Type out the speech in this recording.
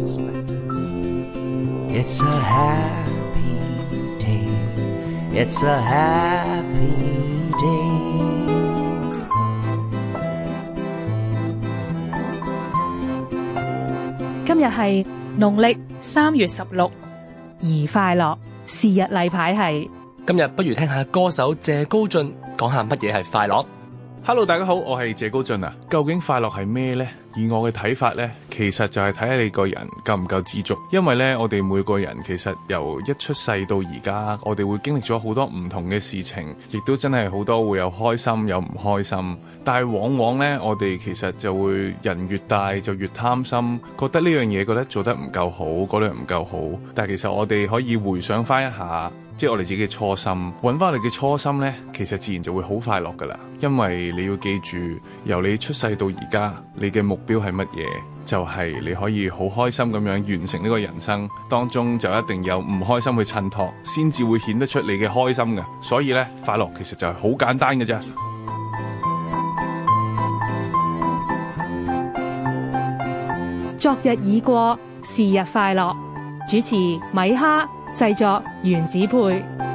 It's a happy day. It's a happy day. 今日係農曆三月十六，而快樂事日禮是日例牌係今日，不如聽下歌手謝高晉講下乜嘢係快樂。Hello，大家好，我係謝高晉啊。究竟快樂係咩呢？以我嘅睇法呢。其實就係睇下你個人夠唔夠知足，因為呢，我哋每個人其實由一出世到而家，我哋會經歷咗好多唔同嘅事情，亦都真係好多會有開心有唔開心。但係往往呢，我哋其實就會人越大就越貪心，覺得呢樣嘢覺得做得唔夠好，嗰樣唔夠好。但係其實我哋可以回想翻一下。即係我哋自己嘅初心，揾翻你嘅初心咧，其實自然就會好快樂噶啦。因為你要記住，由你出世到而家，你嘅目標係乜嘢？就係你可以好開心咁樣完成呢個人生當中，就一定有唔開心去襯托，先至會顯得出你嘅開心嘅。所以咧，快樂其實就係好簡單嘅啫。昨日已過，是日快樂。主持米哈。製作原子配。